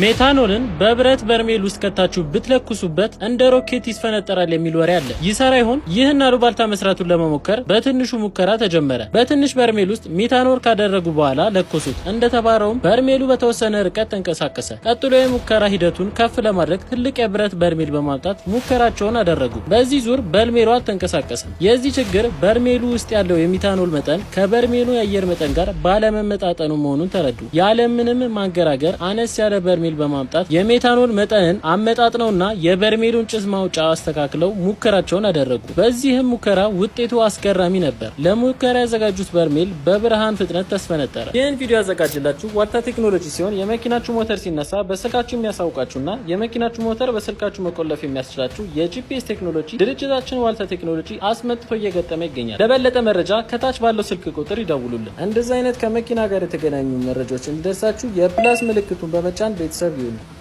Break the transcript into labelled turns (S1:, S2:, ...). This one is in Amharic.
S1: ሜታኖልን በብረት በርሜል ውስጥ ከታችሁ ብትለኩሱበት እንደ ሮኬት ይስፈነጠራል የሚል ወሬ አለ። ይሰራ ይሆን? ይህን አሉባልታ መስራቱን ለመሞከር በትንሹ ሙከራ ተጀመረ። በትንሽ በርሜል ውስጥ ሜታኖል ካደረጉ በኋላ ለኮሱት። እንደተባረውም በርሜሉ በተወሰነ ርቀት ተንቀሳቀሰ። ቀጥሎ የሙከራ ሂደቱን ከፍ ለማድረግ ትልቅ የብረት በርሜል በማምጣት ሙከራቸውን አደረጉ። በዚህ ዙር በርሜሉ አልተንቀሳቀሰም። የዚህ ችግር በርሜሉ ውስጥ ያለው የሜታኖል መጠን ከበርሜሉ የአየር መጠን ጋር ባለመመጣጠኑ መሆኑን ተረዱ። ያለምንም ማገራገር አነስ ያለ በርሜል በርሜል በማምጣት የሜታኖል መጠንን አመጣጥነውና የበርሜሉን ጭስ ማውጫ አስተካክለው ሙከራቸውን አደረጉ። በዚህም ሙከራ ውጤቱ አስገራሚ ነበር። ለሙከራ ያዘጋጁት በርሜል በብርሃን ፍጥነት ተስፈነጠረ። ይህን ቪዲዮ ያዘጋጅላችሁ ዋልታ ቴክኖሎጂ ሲሆን የመኪናችሁ ሞተር ሲነሳ በስልካችሁ የሚያሳውቃችሁና የመኪናችሁ ሞተር በስልካችሁ መቆለፍ የሚያስችላችሁ የጂፒኤስ ቴክኖሎጂ ድርጅታችን ዋልታ ቴክኖሎጂ አስመጥቶ እየገጠመ ይገኛል። ለበለጠ መረጃ ከታች ባለው ስልክ ቁጥር ይደውሉልን። እንደዚህ አይነት ከመኪና ጋር የተገናኙ መረጃዎች እንዲደርሳችሁ የፕላስ ምልክቱን በመጫን gente sabia.